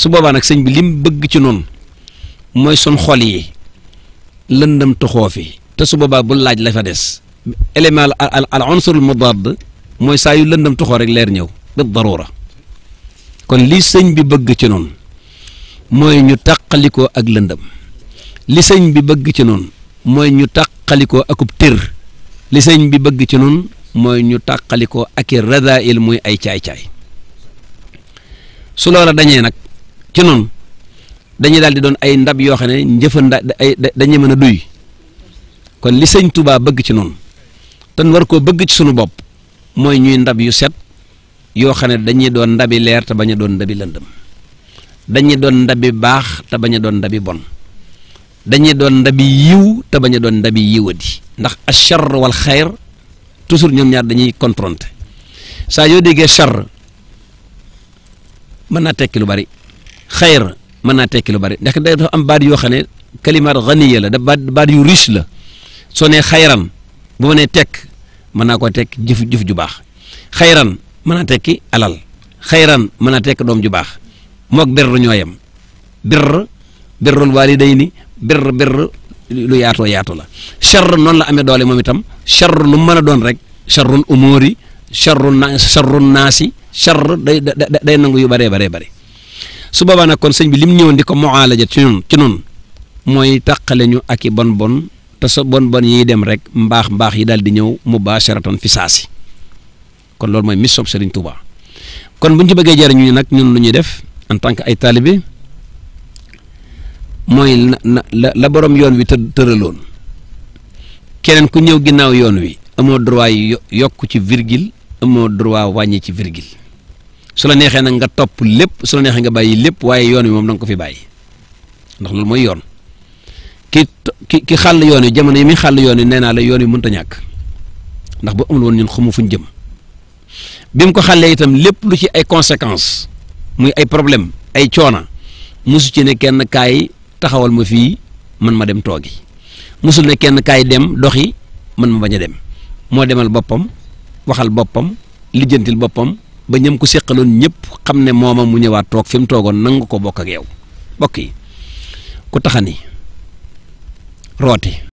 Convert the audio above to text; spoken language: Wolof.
su boobaa nag sëñ bi lim bëgg ci noonu mooy sun xol yi lëndëm toxoo fi te su boobaa bu laaj la fa des élément al al unsur mudaad mooy saa yu lëndëm toxoo rek leer ñëw bi darura kon li sëñ bi bëgg ci noonu mooy ñu tàqalikoo ak lëndëm li sëñ ci noonu mooy ñu tàqalikoo akub tër li sëñ bi bëgg ci noonu mooy ñu tàqalikoo ak i radail muy ay caay-caay su loola dañee nag ci noonu dañuy daal di doon ay ndab yoo xam ne njëfanda ay dañuy mën a duy kon li sëñ tubaa bëgg ci noonu te war koo bëgg ci sunu bopp mooy ñuy ndab yu set yoo xam ne dañuy doon ndabi leer te bañ a doon ndabi lëndëm dañuy doon ndabi baax te bañ a doon ndabi bon dañuy doon ndabi yiw te bañ a doon ndabi yiwadi ndax a achar wal xayr toujours ñoom ñaar dañuy confronté saa yoo déggee char mën naa tekki lu bari xayr mën naa tekki lu bari ndax day am baat yoo xam ne kalimaat ganiya la da baat baat yu riche la soo nee xayran bu ma nee tekk mën naa koo tekk jëf jëf ju baax xayran mën naa tekki alal xayran mën naa tekk doom ju baax moog birr ñoo yem birr birrul waalidayni birr birr lu yaatoo yaatu la charr noonu la amee doole moom itam charr lu mën doon rek charrul umuuri charrul na charrul naasi charr day day nangu yu bëree bëree bëri su boobaa nag kon sëñ bi lim ñëwoon di ko muaalaja ci ñun ci noonu mooy tàqale ñu ak i bon bon te sa bon bon yiy dem rek mbaax mbaax yi daal di ñëw mubaasharatan fi saasi kon loolu mooy mission Sëriñ Tuuba kon buñ ci bëggee jariñu nag ñun lu ñuy def en tant que ay taalibe mooy la la borom yoon wi të tëraloon keneen ku ñëw ginnaaw yoon wi amoo droit yokk ci virgil amoo droit wàññi ci virgule su la neexee nag nga topp lépp su la neexee nga bàyyi lépp waaye yoon wi moom na ko fi bàyyi ndax loolu mooy yoon ki ki ki xàll yoon wi jamono yi muy xàll yoon wi nee naa la yoon wi mënut a ñàkk ndax bu amul woon ñun xamu fuñ jëm bi mu ko xàllee itam lépp lu ci ay conséquences muy ay problème ay coona mosu ci ne kenn kaay taxawal ma fii man ma dem toogi mosul ne kenn kaay dem doxi man ma bañ a dem moo demal boppam waxal boppam lijjantil boppam. ba ñam ko seqaloon ñëpp xam ne mooma mu ñëwaat toog fi mu toogoon nangu ko bokk ak yow bokk yi ku taxani rooti